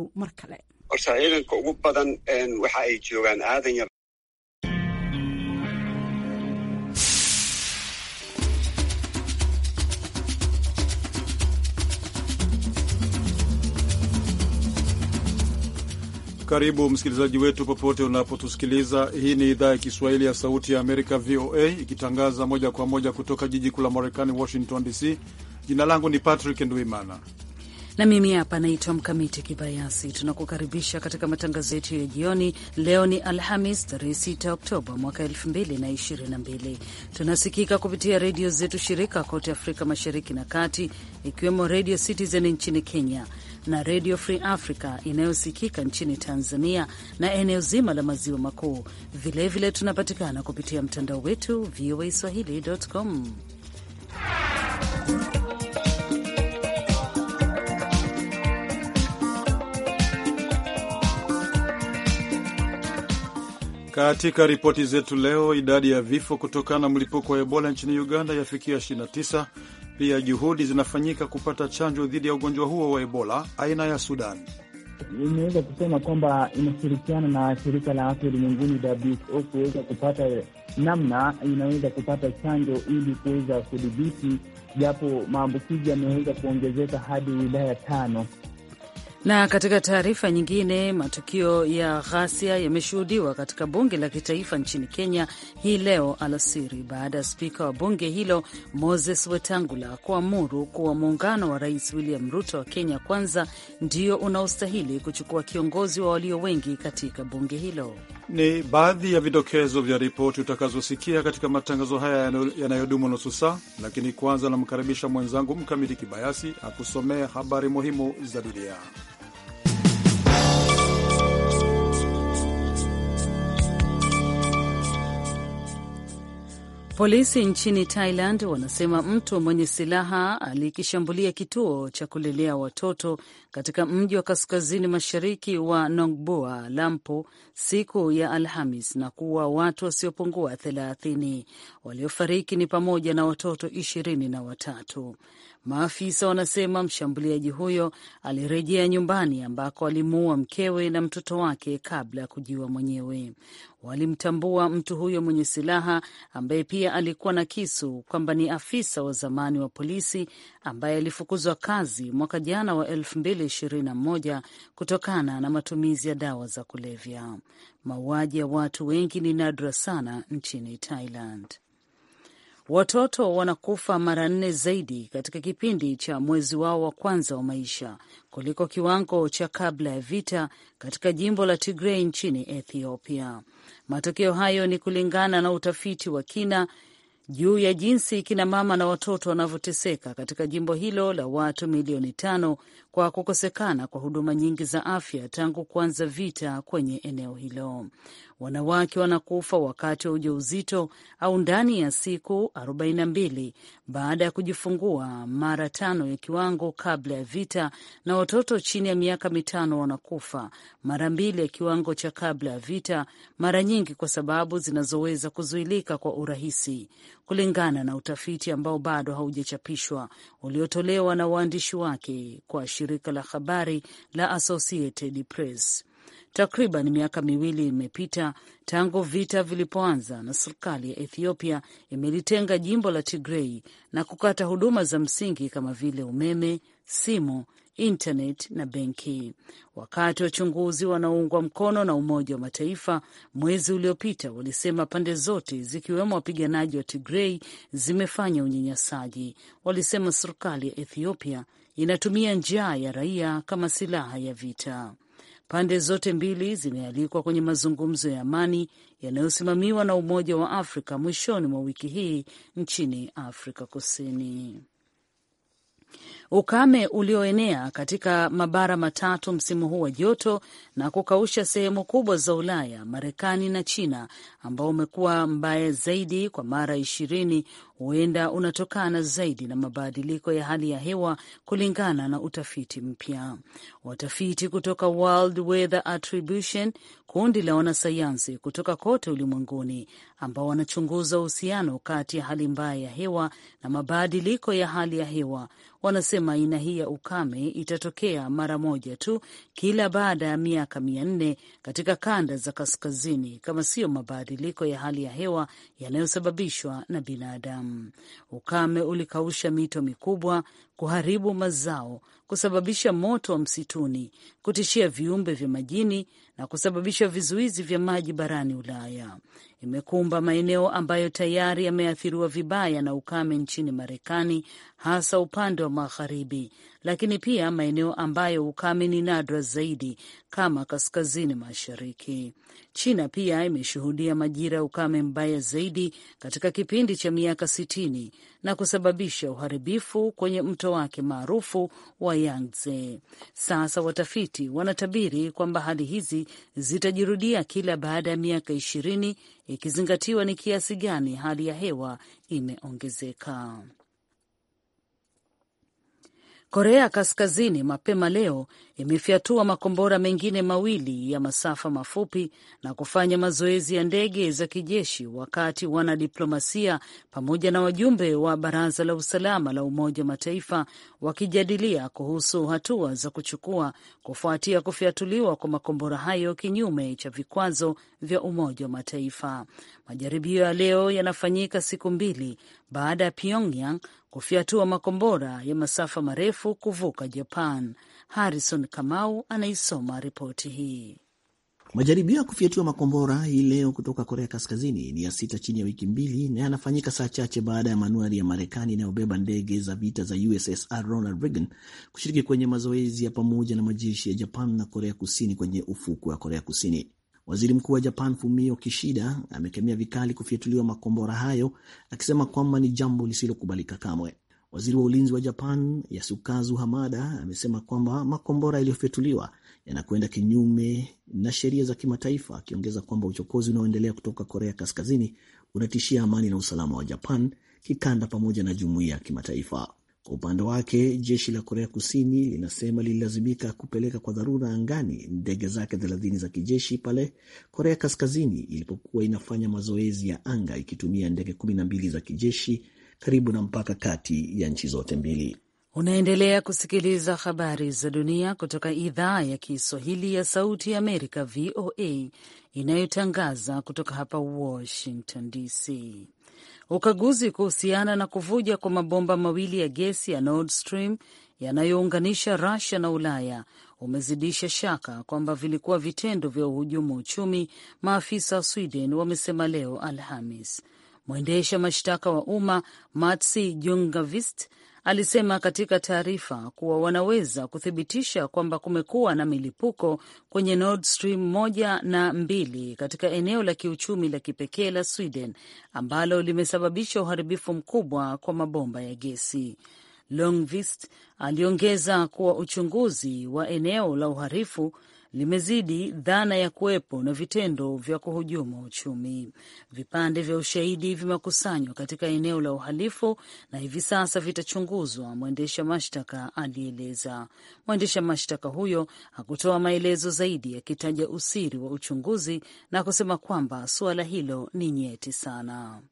dhow mar kale ciidanka ugu badan waxa ay joogaan aadan yar Karibu msikilizaji wetu popote unapotusikiliza. Hii ni idhaa ya Kiswahili ya Sauti ya Amerika, VOA, ikitangaza moja kwa moja kutoka jiji kuu la Marekani, Washington DC. Jina langu ni Patrick Ndwimana na mimi hapa naitwa Mkamiti Kibayasi. Tunakukaribisha katika matangazo yetu ya jioni. Leo ni Alhamis, tarehe 6 Oktoba mwaka 2022. Tunasikika kupitia redio zetu shirika kote Afrika Mashariki na Kati, ikiwemo Redio Citizen nchini Kenya na Redio Free Africa inayosikika nchini Tanzania na eneo zima la maziwa makuu. Vilevile tunapatikana kupitia mtandao wetu voa swahili.com. Katika ripoti zetu leo, idadi ya vifo kutokana na mlipuko wa Ebola nchini Uganda yafikia 29. Pia juhudi zinafanyika kupata chanjo dhidi ya ugonjwa huo wa Ebola aina ya Sudan. Imeweza kusema kwamba inashirikiana na shirika la afya ulimwenguni WHO kuweza kupata namna inaweza kupata chanjo ili kuweza kudhibiti, japo maambukizi yameweza kuongezeka hadi wilaya tano na katika taarifa nyingine, matukio ya ghasia yameshuhudiwa katika bunge la kitaifa nchini Kenya hii leo alasiri baada ya spika wa bunge hilo Moses Wetangula kuamuru kuwa muungano wa Rais William Ruto wa Kenya Kwanza ndio unaostahili kuchukua kiongozi wa walio wengi katika bunge hilo. Ni baadhi ya vidokezo vya ripoti utakazosikia katika matangazo haya yanayodumu nusu saa, lakini kwanza namkaribisha mwenzangu Mkamiti Kibayasi akusomea habari muhimu za dunia. Polisi nchini Thailand wanasema mtu mwenye silaha alikishambulia kituo cha kulelea watoto katika mji wa kaskazini mashariki wa Nongbua Lampo siku ya Alhamis na kuua watu wasiopungua thelathini. Waliofariki ni pamoja na watoto ishirini na watatu. Maafisa wanasema mshambuliaji huyo alirejea nyumbani ambako alimuua mkewe na mtoto wake kabla ya kujiua mwenyewe. Walimtambua mtu huyo mwenye silaha ambaye pia alikuwa na kisu kwamba ni afisa wa zamani wa polisi ambaye alifukuzwa kazi mwaka jana wa 2021 kutokana na matumizi ya dawa za kulevya. Mauaji ya watu wengi ni nadra sana nchini Thailand. Watoto wanakufa mara nne zaidi katika kipindi cha mwezi wao wa kwanza wa maisha kuliko kiwango cha kabla ya vita katika jimbo la tigrei nchini Ethiopia. Matokeo hayo ni kulingana na utafiti wa kina juu ya jinsi kina mama na watoto wanavyoteseka katika jimbo hilo la watu milioni tano kwa kukosekana kwa huduma nyingi za afya tangu kuanza vita kwenye eneo hilo. Wanawake wanakufa wakati wa ujauzito au ndani ya siku 42 baada ya kujifungua, mara tano ya kiwango kabla ya vita, na watoto chini ya miaka mitano wanakufa mara mbili ya kiwango cha kabla ya vita, mara nyingi kwa sababu zinazoweza kuzuilika kwa urahisi, kulingana na utafiti ambao bado haujachapishwa uliotolewa na waandishi wake kwa shirika la habari la Associated Press. Takriban miaka miwili imepita tangu vita vilipoanza na serikali ya Ethiopia imelitenga jimbo la Tigrei na kukata huduma za msingi kama vile umeme, simu, intanet na benki. Wakati wachunguzi wanaoungwa mkono na Umoja wa Mataifa mwezi uliopita walisema pande zote zikiwemo wapiganaji wa Tigrei zimefanya unyanyasaji, walisema serikali ya Ethiopia inatumia njaa ya raia kama silaha ya vita. Pande zote mbili zimealikwa kwenye mazungumzo ya amani yanayosimamiwa na Umoja wa Afrika mwishoni mwa wiki hii nchini Afrika Kusini. Ukame ulioenea katika mabara matatu msimu huu wa joto na kukausha sehemu kubwa za Ulaya, Marekani na China, ambao umekuwa mbaya zaidi kwa mara ishirini, huenda unatokana zaidi na mabadiliko ya hali ya hewa, kulingana na utafiti mpya. Watafiti kutoka World Weather Attribution, kundi la wanasayansi kutoka kote ulimwenguni, ambao wanachunguza uhusiano kati ya hali mbaya ya hewa na mabadiliko ya hali ya hewa, wanasema aina hii ya ukame itatokea mara moja tu kila baada ya miaka mia nne katika kanda za kaskazini, kama siyo mabadiliko ya hali ya hewa yanayosababishwa na binadamu. Ukame ulikausha mito mikubwa, kuharibu mazao, kusababisha moto wa msituni, kutishia viumbe vya majini na kusababisha vizuizi vya maji barani Ulaya imekumba maeneo ambayo tayari yameathiriwa vibaya na ukame nchini Marekani, hasa upande wa magharibi, lakini pia maeneo ambayo ukame ni nadra zaidi kama kaskazini mashariki. China pia imeshuhudia majira ya ukame mbaya zaidi katika kipindi cha miaka sitini na kusababisha uharibifu kwenye mto wake maarufu wa Yangtze. Sasa watafiti wanatabiri kwamba hali hizi zitajirudia kila baada ya miaka ishirini ikizingatiwa ni kiasi gani hali ya hewa imeongezeka. Korea Kaskazini mapema leo imefyatua makombora mengine mawili ya masafa mafupi na kufanya mazoezi ya ndege za kijeshi, wakati wanadiplomasia pamoja na wajumbe wa Baraza la Usalama la Umoja wa Mataifa wakijadilia kuhusu hatua za kuchukua kufuatia kufyatuliwa kwa makombora hayo kinyume cha vikwazo vya Umoja wa Mataifa. Majaribio ya leo yanafanyika siku mbili baada ya Pyongyang kufyatua makombora ya masafa marefu kuvuka Japan. Harrison Kamau anaisoma ripoti hii. Majaribio ya kufyatua makombora hii leo kutoka Korea Kaskazini ni ya sita chini ya wiki mbili na yanafanyika saa chache baada ya manuari ya Marekani inayobeba ndege za vita za USSR Ronald Reagan kushiriki kwenye mazoezi ya pamoja na majeshi ya Japan na Korea Kusini kwenye ufukwe wa Korea Kusini. Waziri Mkuu wa Japan Fumio Kishida amekemea vikali kufyatuliwa makombora hayo akisema kwamba ni jambo lisilokubalika kamwe. Waziri wa ulinzi wa Japan Yasukazu Hamada amesema kwamba makombora yaliyofyatuliwa yanakwenda kinyume na sheria za kimataifa, akiongeza kwamba uchokozi unaoendelea kutoka Korea Kaskazini unatishia amani na usalama wa Japan kikanda pamoja na jumuiya ya kimataifa. Kwa upande wake jeshi la Korea Kusini linasema lililazimika kupeleka kwa dharura angani ndege zake thelathini za kijeshi pale Korea Kaskazini ilipokuwa inafanya mazoezi ya anga ikitumia ndege kumi na mbili za kijeshi karibu na mpaka kati ya nchi zote mbili. Unaendelea kusikiliza habari za dunia kutoka idhaa ya Kiswahili ya Sauti ya Amerika, VOA, inayotangaza kutoka hapa Washington DC ukaguzi kuhusiana na kuvuja kwa mabomba mawili ya gesi ya Nord Stream yanayounganisha Russia na Ulaya umezidisha shaka kwamba vilikuwa vitendo vya uhujumu uchumi, maafisa wa Sweden wamesema leo Alhamis. Mwendesha mashtaka wa umma Matsi Jungavist alisema katika taarifa kuwa wanaweza kuthibitisha kwamba kumekuwa na milipuko kwenye Nord Stream moja na mbili katika eneo la kiuchumi la kipekee la Sweden ambalo limesababisha uharibifu mkubwa kwa mabomba ya gesi. Longvist aliongeza kuwa uchunguzi wa eneo la uharifu limezidi dhana ya kuwepo na vitendo vya kuhujumu uchumi. Vipande vya ushahidi vimekusanywa katika eneo la uhalifu na hivi sasa vitachunguzwa, mwendesha mashtaka alieleza. Mwendesha mashtaka huyo hakutoa maelezo zaidi, akitaja usiri wa uchunguzi na kusema kwamba suala hilo ni nyeti sana.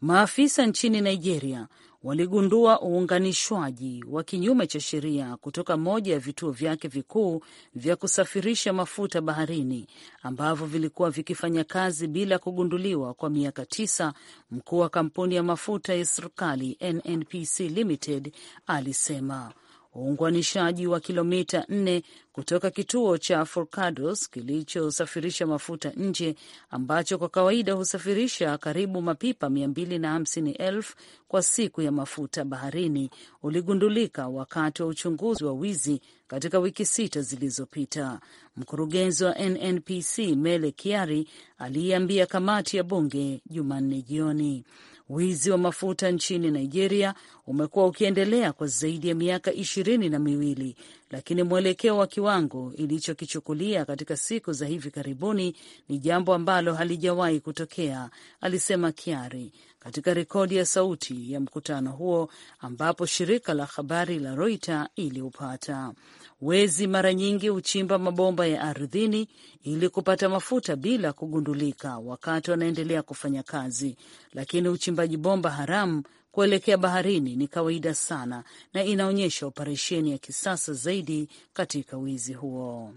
Maafisa nchini Nigeria waligundua uunganishwaji wa kinyume cha sheria kutoka moja ya vituo vyake vikuu vya kusafirisha mafuta baharini ambavyo vilikuwa vikifanya kazi bila kugunduliwa kwa miaka tisa. Mkuu wa kampuni ya mafuta ya serikali NNPC Limited alisema uunganishaji wa kilomita 4 kutoka kituo cha Forcados kilichosafirisha mafuta nje ambacho kwa kawaida husafirisha karibu mapipa 250,000 kwa siku ya mafuta baharini uligundulika wakati wa uchunguzi wa wizi katika wiki sita zilizopita. Mkurugenzi wa NNPC Mele Kiari aliiambia kamati ya bunge Jumanne jioni Wizi wa mafuta nchini Nigeria umekuwa ukiendelea kwa zaidi ya miaka ishirini na miwili, lakini mwelekeo wa kiwango ilichokichukulia katika siku za hivi karibuni ni jambo ambalo halijawahi kutokea, alisema Kiari katika rekodi ya sauti ya mkutano huo ambapo shirika la habari la Reuters iliupata. Wezi mara nyingi huchimba mabomba ya ardhini ili kupata mafuta bila kugundulika wakati wanaendelea kufanya kazi, lakini uchimbaji bomba haramu kuelekea baharini ni kawaida sana na inaonyesha operesheni ya kisasa zaidi katika wizi huo.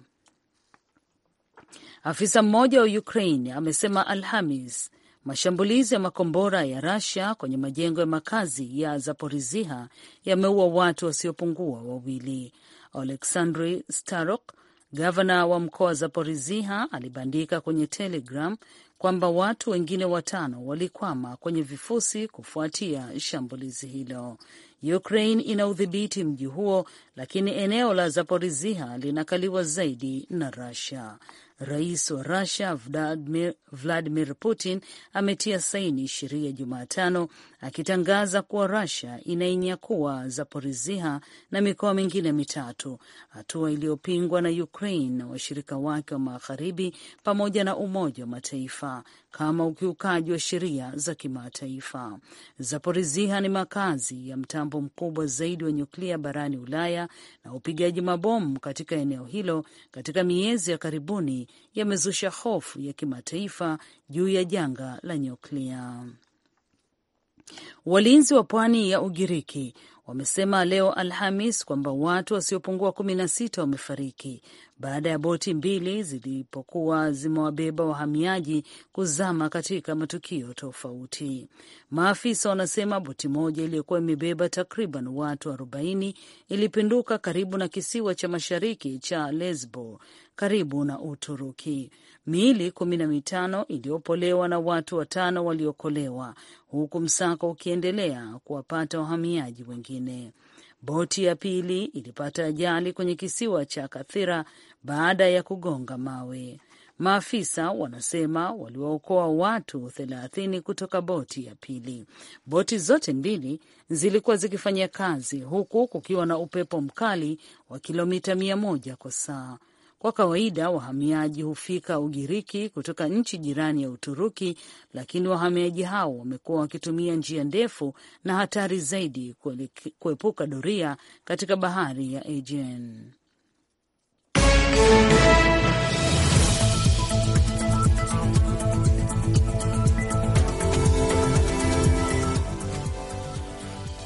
Afisa mmoja wa Ukraine amesema Alhamis mashambulizi ya makombora ya Rasia kwenye majengo ya makazi ya Zaporizhia yameua watu wasiopungua wawili. Oleksandri Starok, gavana wa mkoa wa Zaporizhia, alibandika kwenye Telegram kwamba watu wengine watano walikwama kwenye vifusi kufuatia shambulizi hilo. Ukraine ina udhibiti mji huo, lakini eneo la Zaporizhia linakaliwa zaidi na Russia. Rais wa Rusia Vladimir, Vladimir Putin ametia saini sheria Jumatano akitangaza kuwa Rusia inainyakuwa Zaporizhia na mikoa mingine mitatu, hatua iliyopingwa na Ukraine na washirika wake wa magharibi pamoja na Umoja wa Mataifa kama ukiukaji wa sheria za kimataifa. Zaporizhia ni makazi ya mtambo mkubwa zaidi wa nyuklia barani Ulaya na upigaji mabomu katika eneo hilo katika miezi ya karibuni yamezusha hofu ya kimataifa juu ya janga la nyuklia. Walinzi wa pwani ya Ugiriki wamesema leo Alhamis kwamba watu wasiopungua kumi na sita wamefariki baada ya boti mbili zilipokuwa zimewabeba wahamiaji kuzama katika matukio tofauti. Maafisa wanasema boti moja iliyokuwa imebeba takriban watu arobaini ilipinduka karibu na kisiwa cha mashariki cha Lesbo karibu na Uturuki. Miili kumi na mitano iliyopolewa na watu watano waliokolewa, huku msako ukiendelea kuwapata wahamiaji wengine. Boti ya pili ilipata ajali kwenye kisiwa cha Kathira baada ya kugonga mawe. Maafisa wanasema waliwaokoa watu thelathini kutoka boti ya pili. Boti zote mbili zilikuwa zikifanya kazi huku kukiwa na upepo mkali wa kilomita mia moja kwa saa. Kwa kawaida wahamiaji hufika Ugiriki kutoka nchi jirani ya Uturuki, lakini wahamiaji hao wamekuwa wakitumia njia ndefu na hatari zaidi kuepuka doria katika bahari ya Aegean.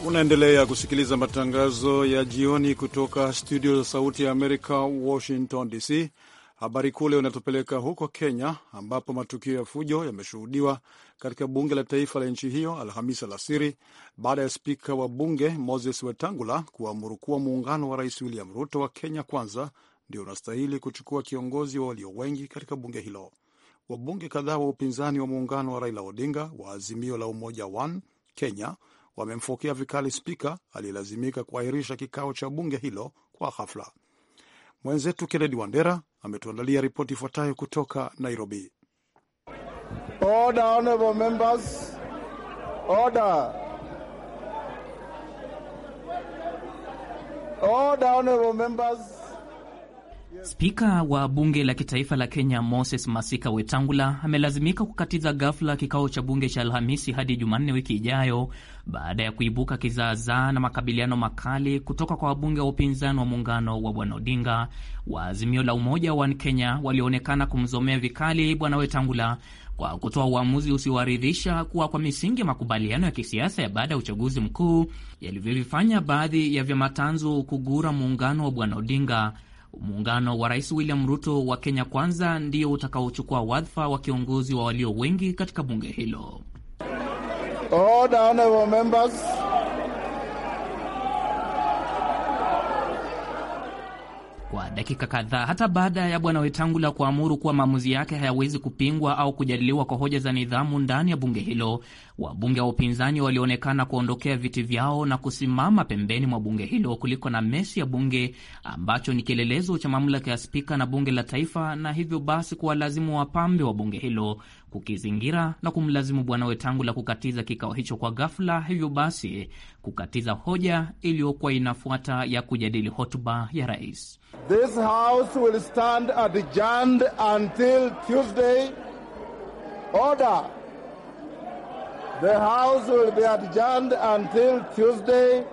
Unaendelea kusikiliza matangazo ya jioni kutoka studio za Sauti ya Amerika, Washington DC. Habari kuu leo inatupeleka huko Kenya, ambapo matukio ya fujo yameshuhudiwa katika bunge la taifa la nchi hiyo Alhamisi alasiri baada ya spika wa bunge Moses Wetangula kuamuru kuwa muungano wa Rais William Ruto wa Kenya Kwanza ndio unastahili kuchukua kiongozi wa walio wengi katika bunge hilo. Wabunge kadhaa wa upinzani wa muungano wa Raila Odinga wa Azimio la Umoja One Kenya wamemfokea vikali spika aliyelazimika kuahirisha kikao cha bunge hilo kwa ghafla. Mwenzetu Kennedy Wandera ametuandalia ripoti ifuatayo kutoka Nairobi. Order, honorable members. Order. Order, honorable members. Spika wa bunge la kitaifa la Kenya Moses Masika Wetangula amelazimika kukatiza ghafla kikao cha bunge cha Alhamisi hadi Jumanne wiki ijayo baada ya kuibuka kizaazaa na makabiliano makali kutoka kwa wabunge wa upinzani wa muungano wa Bwana Odinga wa Azimio la Umoja wa Kenya walioonekana kumzomea vikali Bwana Wetangula kwa kutoa uamuzi usiowaridhisha kuwa kwa misingi ya makubaliano ya kisiasa ya baada ya uchaguzi mkuu yalivyovifanya baadhi ya vyama tanzu kugura muungano wa Bwana Odinga Muungano wa Rais William Ruto wa Kenya Kwanza ndio utakaochukua wadhifa wa kiongozi wa walio wengi katika bunge hilo. honorable members. kwa dakika kadhaa, hata baada ya bwana Wetangula kuamuru kuwa maamuzi yake hayawezi kupingwa au kujadiliwa kwa hoja za nidhamu ndani ya bunge hilo, wabunge wa upinzani walionekana kuondokea viti vyao na kusimama pembeni mwa bunge hilo kuliko na mesi ya bunge ambacho ni kielelezo cha mamlaka ya spika na bunge la taifa, na hivyo basi kuwalazimu wapambe wa bunge hilo kukizingira na kumlazimu Bwana Wetangula kukatiza kikao hicho kwa ghafla, hivyo basi kukatiza hoja iliyokuwa inafuata ya kujadili hotuba ya rais. This house will stand adjourned until Tuesday. Order. The house will be adjourned until Tuesday.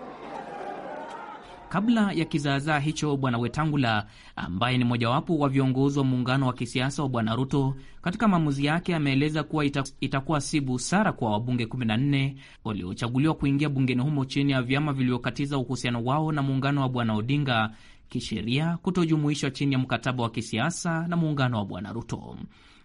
Kabla ya kizaazaa hicho, Bwana Wetangula ambaye ni mojawapo wa viongozi wa muungano wa kisiasa wa Bwana Ruto, katika maamuzi yake ameeleza kuwa itakuwa si busara kwa wabunge 14 waliochaguliwa kuingia bungeni humo chini ya vyama vilivyokatiza uhusiano wao na muungano wa Bwana Odinga kisheria kutojumuishwa chini ya mkataba wa kisiasa na muungano wa Bwana Ruto.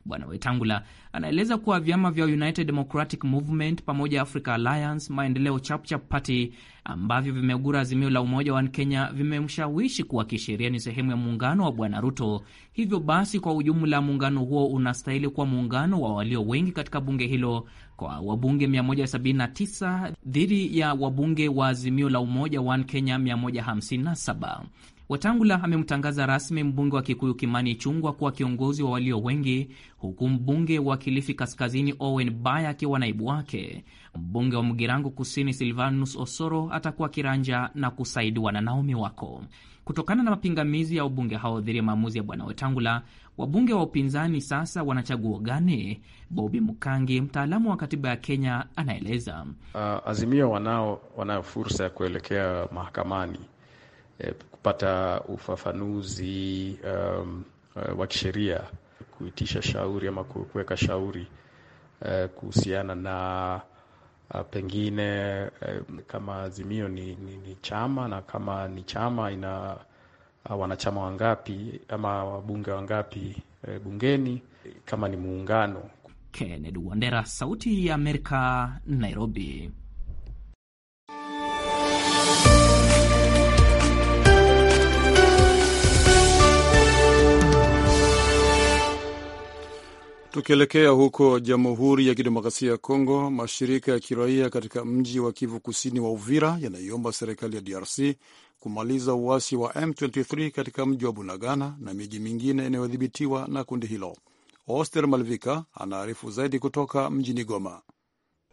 Bwana Wetangula anaeleza kuwa vyama vya United Democratic Movement pamoja Africa Alliance, Maendeleo Chapchap Party ambavyo vimegura azimio la umoja wa Kenya vimemshawishi kuwa kisheria ni sehemu ya muungano wa Bwana Ruto. Hivyo basi, kwa ujumla muungano huo unastahili kuwa muungano wa walio wengi katika bunge hilo kwa wabunge 179 dhidi ya wabunge wa azimio la umoja wa Kenya 157. Wetangula amemtangaza rasmi mbunge wa Kikuyu Kimani chungwa kuwa kiongozi wa walio wengi, huku mbunge wa Kilifi Kaskazini Owen Baya akiwa naibu wake. Mbunge wa Mgirango Kusini Silvanus Osoro atakuwa kiranja na kusaidiwa na Naomi Wako. Kutokana na mapingamizi ya wabunge hao dhiri ya maamuzi ya bwana Wetangula, wabunge wa upinzani sasa wanachaguo gani? Bobi Mkangi, mtaalamu wa katiba ya Kenya, anaeleza. Uh, Azimio wanao, wanayo fursa ya kuelekea mahakamani Eh, kupata ufafanuzi um, uh, wa kisheria, kuitisha shauri ama kuweka shauri uh, kuhusiana na uh, pengine uh, kama Azimio ni, ni, ni chama na kama ni chama ina uh, wanachama wangapi ama wabunge wangapi uh, bungeni kama ni muungano. Kennedy Wandera, Sauti ya Amerika, Nairobi. Tukielekea huko Jamhuri ya Kidemokrasia ya Kongo, mashirika ya kiraia katika mji wa Kivu Kusini wa Uvira yanaiomba serikali ya DRC kumaliza uasi wa M23 katika mji wa Bunagana na miji mingine inayodhibitiwa na kundi hilo. Oster Malvika anaarifu zaidi kutoka mjini Goma.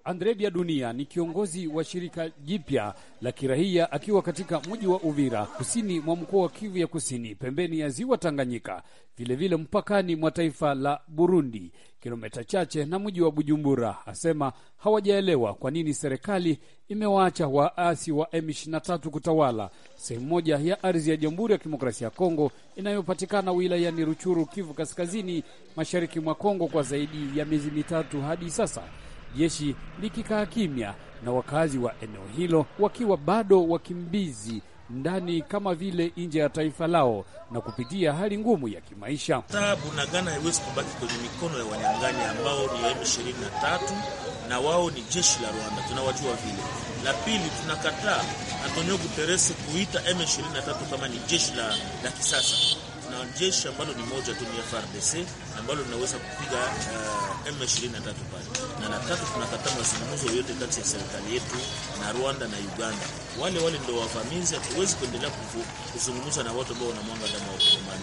Andrebia Dunia ni kiongozi wa shirika jipya la kiraia akiwa katika mji wa Uvira, kusini mwa mkoa wa Kivu ya Kusini, pembeni ya ziwa Tanganyika, vilevile mpakani mwa taifa la Burundi, kilomita chache na mji wa Bujumbura. Asema hawajaelewa kwa nini serikali imewaacha waasi wa M23 kutawala sehemu moja ya ardhi ya Jamhuri ya Kidemokrasia ya Kongo inayopatikana wilayani Ruchuru, Kivu Kaskazini, mashariki mwa Kongo, kwa zaidi ya miezi mitatu hadi sasa jeshi likikaa kimya na wakazi wa eneo hilo wakiwa bado wakimbizi ndani kama vile nje ya taifa lao na kupitia hali ngumu ya kimaisha. Bunagana haiwezi kubaki kwenye mikono ya wanyang'anyi ambao ni M23 na wao ni jeshi la Rwanda, tunawajua vile. La pili, tunakataa Antonio Guterres kuita M23 kama ni jeshi la, la kisasa na jeshi ambalo ni moja tu ni FARDC ambalo linaweza kupiga uh, eh, M23 pale. Na la tatu, tunakataa mazungumzo yote kati ya serikali yetu na Rwanda na Uganda. Wale wale ndio wavamizi, hatuwezi kuendelea kuzungumza na watu ambao wanamwanga damu ya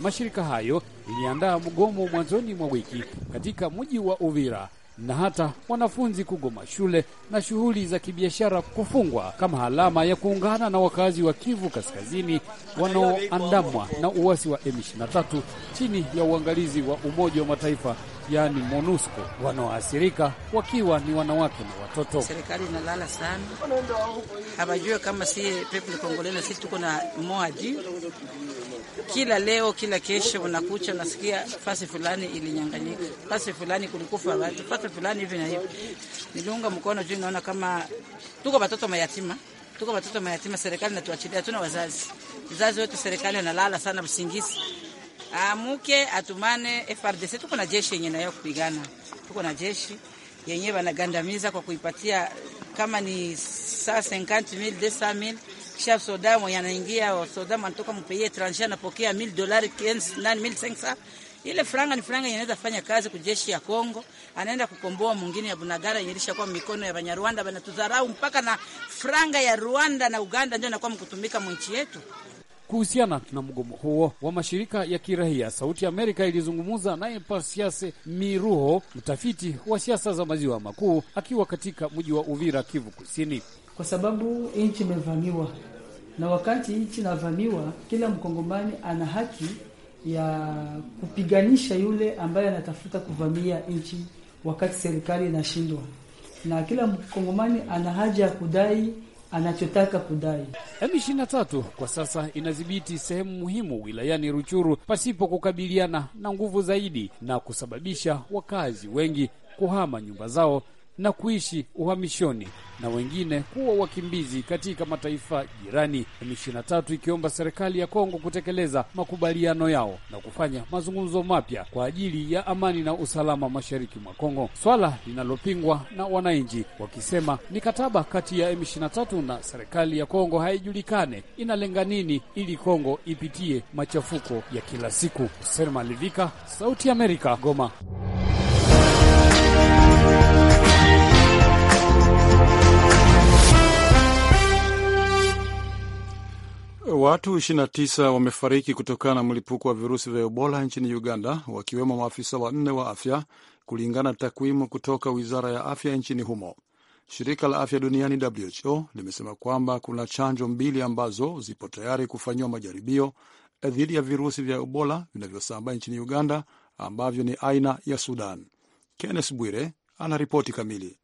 Mashirika hayo iliandaa mgomo mwanzoni mwa wiki katika mji wa Uvira na hata wanafunzi kugoma shule na shughuli za kibiashara kufungwa kama alama ya kuungana na wakazi wa Kivu Kaskazini wanaoandamwa na uasi wa M23 chini ya uangalizi wa Umoja wa Mataifa yani MONUSCO wanaoathirika wakiwa ni wanawake na watoto. Serikali inalala sana, hawajue kama si people kongolena, sisi tuko na moaji kila leo, kila kesho unakucha unasikia fasi fulani ilinyanganyika, fasi fulani kulikufa watu, fasi fulani hivi na hivi. Niliunga mkono juu naona kama tuko watoto mayatima tuko watoto mayatima, serikali natuachilia, hatuna wazazi, wazazi wetu serikali analala sana msingizi amuke atumane FRDC. Tuko na jeshi yenye nayo kupigana, tuko na jeshi yenye wanagandamiza kwa kuipatia kama ni saa 50000 200000 kisha soda mwenye anaingia soda anatoka mpeye etranger anapokea 1000 dolari 9500 ile franga ni franga inaweza fanya kazi kujeshi ya Kongo, anaenda kukomboa mwingine ya Bunagara ilisha kwa mikono ya Banyarwanda. Banatudharau mpaka na franga ya Rwanda na Uganda ndio inakuwa mkutumika mwa yetu. Kuhusiana na mgomo huo wa mashirika ya kiraia, Sauti Amerika ilizungumza naye Pasiase Miruho, mtafiti wa siasa za maziwa makuu, akiwa katika mji wa Uvira, Kivu Kusini. Kwa sababu nchi imevamiwa, na wakati nchi inavamiwa, kila mkongomani ana haki ya kupiganisha yule ambaye anatafuta kuvamia nchi wakati serikali inashindwa, na kila mkongomani ana haja ya kudai anachotaka kudai. M23 kwa sasa inadhibiti sehemu muhimu wilayani Ruchuru pasipo kukabiliana na nguvu zaidi na kusababisha wakazi wengi kuhama nyumba zao na kuishi uhamishoni na wengine kuwa wakimbizi katika mataifa jirani. M23 ikiomba serikali ya Kongo kutekeleza makubaliano yao na kufanya mazungumzo mapya kwa ajili ya amani na usalama mashariki mwa Kongo, swala linalopingwa na wananchi wakisema mikataba kati ya M23 na serikali ya Kongo haijulikane inalenga nini, ili Kongo ipitie machafuko ya kila siku. Serma Livika, Sauti ya Amerika, Goma. Watu 29 wamefariki kutokana na mlipuko wa virusi vya Ebola nchini Uganda, wakiwemo maafisa wanne wa afya, kulingana na takwimu kutoka wizara ya afya nchini humo. Shirika la afya duniani WHO limesema kwamba kuna chanjo mbili ambazo zipo tayari kufanyiwa majaribio eh, dhidi ya virusi vya Ebola vinavyosambaa nchini Uganda, ambavyo ni aina ya Sudan. Kenneth Bwire ana ripoti kamili.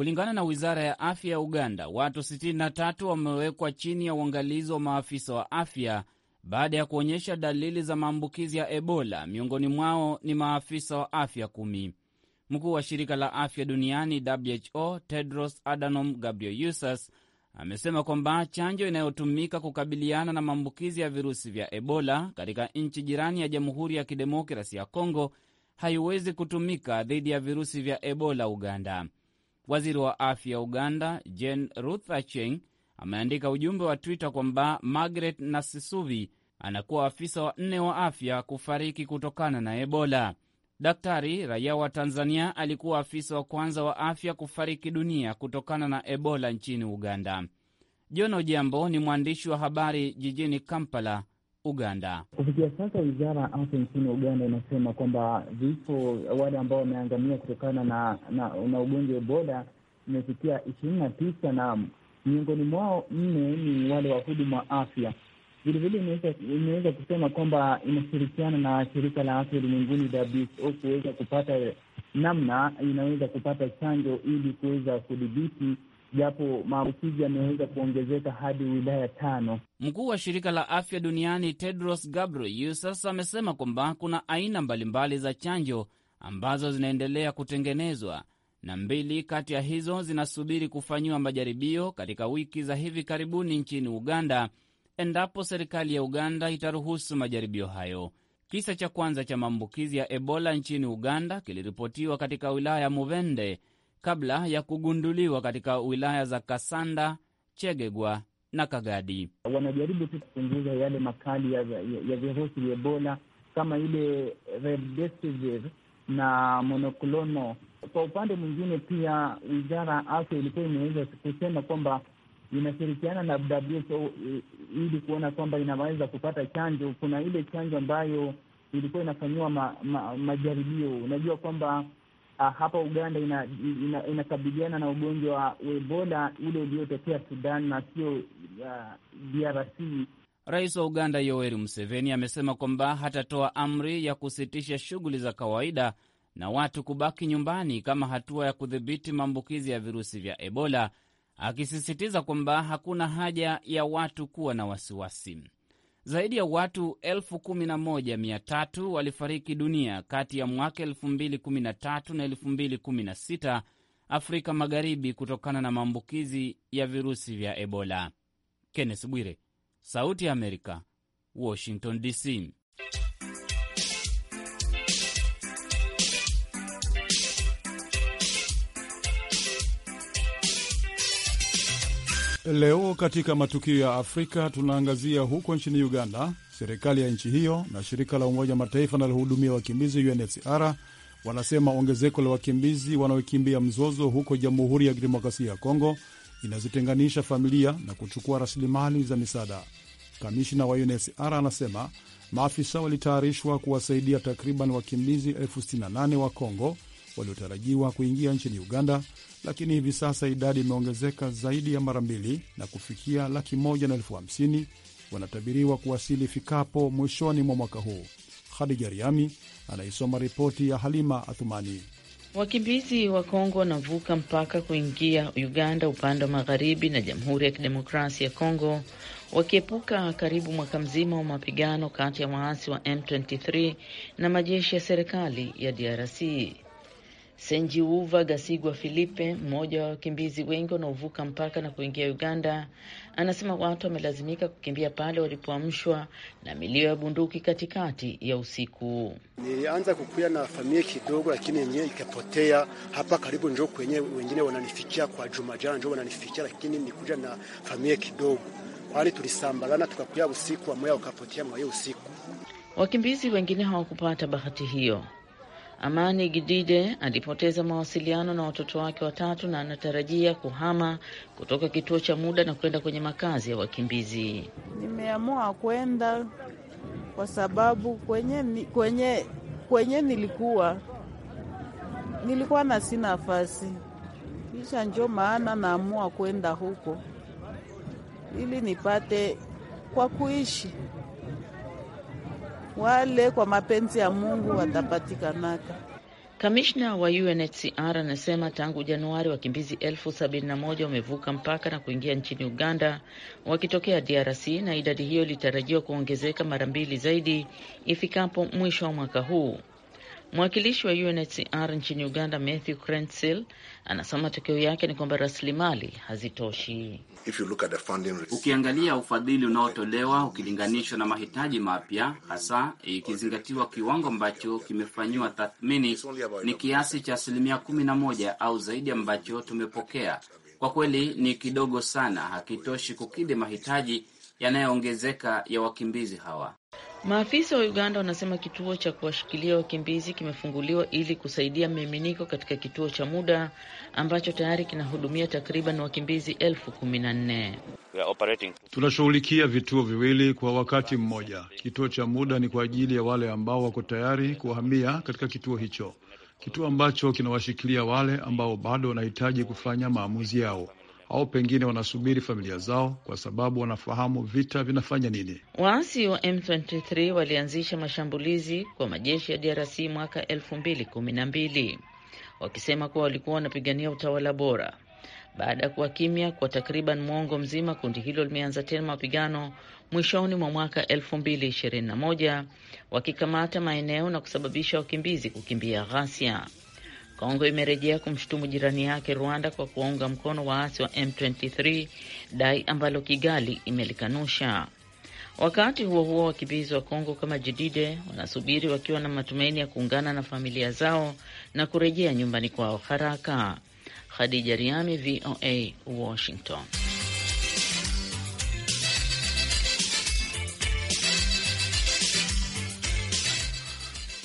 Kulingana na wizara ya afya ya Uganda, watu 63 wamewekwa chini ya uangalizi wa maafisa wa afya baada ya kuonyesha dalili za maambukizi ya Ebola. Miongoni mwao ni maafisa wa afya kumi. Mkuu wa shirika la afya duniani WHO Tedros Adhanom Ghebreyesus amesema kwamba chanjo inayotumika kukabiliana na maambukizi ya virusi vya Ebola katika nchi jirani ya Jamhuri ya Kidemokrasi ya Kongo haiwezi kutumika dhidi ya virusi vya Ebola Uganda. Waziri wa afya Uganda Jane Ruth ameandika ujumbe wa Twitter kwamba Margaret Nasisuvi anakuwa afisa wa nne wa afya kufariki kutokana na Ebola. Daktari raia wa Tanzania alikuwa afisa wa kwanza wa afya kufariki dunia kutokana na Ebola nchini Uganda. John Ojiambo ni mwandishi wa habari jijini Kampala Uganda. Kufikia sasa, wizara ya afya nchini Uganda inasema kwamba vifo wale ambao wameangamia kutokana na na, na ugonjwa Ebola imefikia ishirini na tisa na miongoni mwao nne ni wale wa wa afya. Vilevile imeweza kusema kwamba inashirikiana na shirika la afya ulimwenguni WHO kuweza kupata namna inaweza kupata chanjo ili kuweza kudhibiti japo maambukizi yameweza kuongezeka hadi wilaya tano. Mkuu wa shirika la afya duniani Tedros Ghebreyesus amesema kwamba kuna aina mbalimbali za chanjo ambazo zinaendelea kutengenezwa na mbili kati ya hizo zinasubiri kufanyiwa majaribio katika wiki za hivi karibuni nchini Uganda endapo serikali ya Uganda itaruhusu majaribio hayo. Kisa cha kwanza cha maambukizi ya Ebola nchini Uganda kiliripotiwa katika wilaya ya Mubende kabla ya kugunduliwa katika wilaya za Kasanda, Chegegwa na Kagadi. Wanajaribu tu kupunguza yale makali ya, ya virusi vya Ebola kama ile remdesivir na monoklono. Kwa upande mwingine, pia wizara ya afya ilikuwa imeweza kusema kwamba inashirikiana na WHO ili kuona kwamba inaweza kupata chanjo. Kuna ile chanjo ambayo ilikuwa inafanyiwa ma, ma, majaribio. Unajua kwamba uh, hapa Uganda inakabiliana ina, ina na ugonjwa wa Ebola ule uliotokea Sudan na sio uh, ah, DRC. Rais wa Uganda Yoweri Museveni amesema kwamba hatatoa amri ya kusitisha shughuli za kawaida na watu kubaki nyumbani kama hatua ya kudhibiti maambukizi ya virusi vya Ebola, akisisitiza kwamba hakuna haja ya watu kuwa na wasiwasi. Zaidi ya watu 11,300 walifariki dunia kati ya mwaka 2013 na 2016 Afrika Magharibi kutokana na maambukizi ya virusi vya Ebola. Kenneth Bwire, Sauti ya Amerika, Washington DC. Leo katika matukio ya Afrika tunaangazia huko nchini Uganda. Serikali ya nchi hiyo na shirika la Umoja Mataifa linalohudumia wakimbizi UNHCR wanasema ongezeko la wakimbizi wanaokimbia mzozo huko Jamhuri ya Kidemokrasia ya Kongo inazitenganisha familia na kuchukua rasilimali za misaada. Kamishina wa UNHCR anasema maafisa walitayarishwa kuwasaidia takriban wakimbizi elfu wa Kongo waliotarajiwa kuingia nchini Uganda, lakini hivi sasa idadi imeongezeka zaidi ya mara mbili na kufikia laki moja na elfu hamsini wanatabiriwa kuwasili ifikapo mwishoni mwa mwaka huu. Khadija Riami anaisoma ripoti ya Halima Athumani. Wakimbizi wa Kongo wanavuka mpaka kuingia Uganda upande wa magharibi na Jamhuri ya Kidemokrasia ya Kongo, wakiepuka karibu mwaka mzima wa mapigano kati ya waasi wa M23 na majeshi ya serikali ya DRC senji uva Gasigwa Filipe, mmoja wa wakimbizi wengi wanaovuka mpaka na kuingia Uganda, anasema watu wamelazimika kukimbia pale walipoamshwa na milio ya bunduki katikati ya usiku. Nilianza kukuya na familia kidogo, lakini yenyewe ikapotea. Hapa karibu njo kwenye wengine wananifikia kwa juma jana, njo wananifikia, lakini nikuja na familia kidogo, kwani tulisambalana tukakuya usiku, wamoya ukapotea mwaye usiku. Wakimbizi wengine hawakupata bahati hiyo. Amani Gidide alipoteza mawasiliano na watoto wake watatu na anatarajia kuhama kutoka kituo cha muda na kwenda kwenye makazi ya wakimbizi. Nimeamua kwenda kwa sababu kwenye, kwenye, kwenye nilikuwa nilikuwa na si nafasi, kisha njo maana naamua kwenda huko ili nipate kwa kuishi wale kwa mapenzi ya Mungu watapatikanaka. Kamishna wa UNHCR anasema tangu Januari wakimbizi elfu sabini na moja wamevuka mpaka na kuingia nchini Uganda wakitokea DRC na idadi hiyo ilitarajiwa kuongezeka mara mbili zaidi ifikapo mwisho wa mwaka huu. Mwakilishi wa UNHCR nchini Uganda Matthew Crensil anasema matokeo yake ni kwamba rasilimali hazitoshi. If you look at the funding... ukiangalia uh, ufadhili unaotolewa ukilinganishwa na mahitaji mapya, hasa ikizingatiwa kiwango ambacho kimefanyiwa tathmini, ni kiasi cha asilimia kumi na moja au zaidi ambacho tumepokea. Kwa kweli ni kidogo sana, hakitoshi kukidhi mahitaji yanayoongezeka ya wakimbizi hawa. Maafisa wa Uganda wanasema kituo cha kuwashikilia wakimbizi kimefunguliwa ili kusaidia mmiminiko katika kituo cha muda ambacho tayari kinahudumia takriban wakimbizi elfu kumi na nne. Tunashughulikia vituo viwili kwa wakati mmoja. Kituo cha muda ni kwa ajili ya wale ambao wako tayari kuhamia katika kituo hicho, kituo ambacho kinawashikilia wale ambao bado wanahitaji kufanya maamuzi yao au pengine wanasubiri familia zao, kwa sababu wanafahamu vita vinafanya nini. Waasi wa M23 walianzisha mashambulizi kwa majeshi ya DRC mwaka 2012 wakisema kuwa walikuwa wanapigania utawala bora. Baada ya kuwa kimya kwa takriban mwongo mzima, kundi hilo limeanza tena mapigano mwishoni mwa mwaka 2021 wakikamata maeneo na kusababisha wakimbizi kukimbia ghasia. Kongo imerejea kumshutumu jirani yake Rwanda kwa kuwaunga mkono waasi wa M23, dai ambalo Kigali imelikanusha. Wakati huo huo, wakimbizi wa Kongo kama Jidide wanasubiri wakiwa na matumaini ya kuungana na familia zao na kurejea nyumbani kwao haraka. Khadija Riami, VOA, Washington.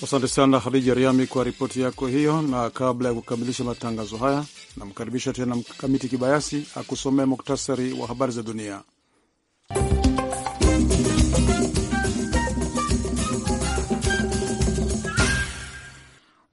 Asante sana Khadija Riami kwa ripoti yako hiyo, na kabla ya kukamilisha matangazo haya, namkaribisha tena Mkamiti Kibayasi akusomea muktasari wa habari za dunia.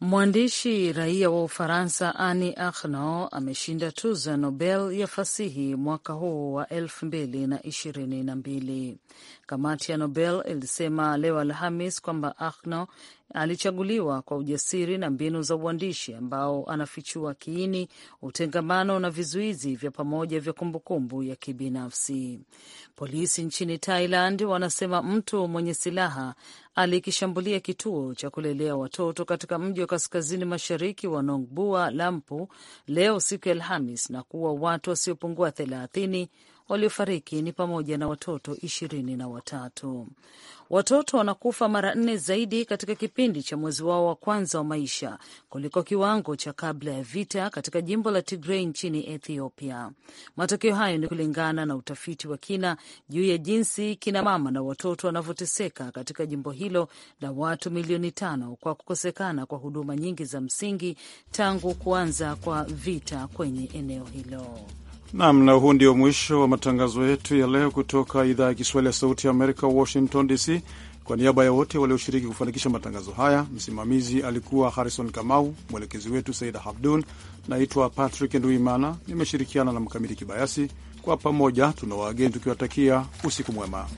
Mwandishi raia wa Ufaransa ani Arno ameshinda tuzo ya Nobel ya fasihi mwaka huu wa elfu mbili na ishirini na mbili. Kamati ya Nobel ilisema leo Alhamis kwamba Arno Alichaguliwa kwa ujasiri na mbinu za uandishi ambao anafichua kiini, utengamano na vizuizi vya pamoja vya kumbukumbu ya kibinafsi. Polisi nchini Thailand wanasema mtu mwenye silaha alikishambulia kituo cha kulelea watoto katika mji wa kaskazini mashariki wa Nongbua Lampu leo siku ya Alhamis na kuwa watu wasiopungua thelathini Waliofariki ni pamoja na watoto ishirini na watatu. Watoto wanakufa mara nne zaidi katika kipindi cha mwezi wao wa kwanza wa maisha kuliko kiwango cha kabla ya vita katika jimbo la Tigrei nchini Ethiopia. Matokeo hayo ni kulingana na utafiti wa kina juu ya jinsi kina mama na watoto wanavyoteseka katika jimbo hilo la watu milioni tano kwa kukosekana kwa huduma nyingi za msingi tangu kuanza kwa vita kwenye eneo hilo. Nam, na huu ndio mwisho wa matangazo yetu ya leo kutoka idhaa ya Kiswahili ya Sauti ya Amerika, Washington DC. Kwa niaba ya wote walioshiriki kufanikisha matangazo haya, msimamizi alikuwa Harrison Kamau, mwelekezi wetu Saida Habdun. Naitwa Patrick Nduimana, nimeshirikiana na Mkamiti Kibayasi. Kwa pamoja tuna wageni tukiwatakia usiku mwema.